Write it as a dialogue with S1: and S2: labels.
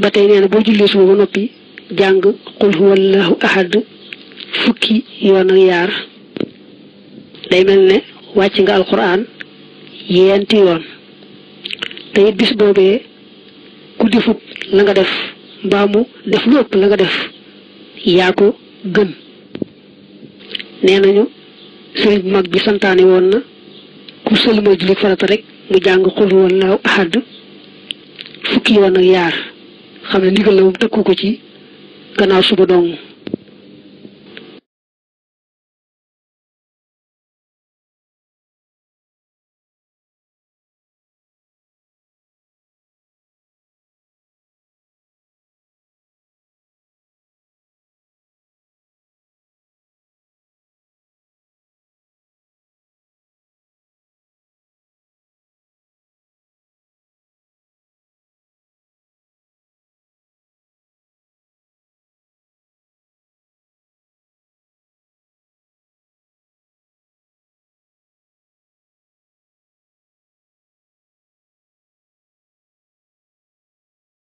S1: ba tey nee na boo jullee suba
S2: ba noppi jàng qul huwallahu ahad fukki yoon ak yaar day mel ne wàcc nga alquran yeenti yoon te bis boobee ku defut la nga def mbaamu def lu ëpp la nga def yaa ko gën nee nañu sëriñ bu mag bi santaane woon na ku sëlmal julli farata rek mu jàng qul huwallahu ahad fukki yoon ak yaar xam ne ndigal la moom tëkku
S3: ko ci gannaaw suba dong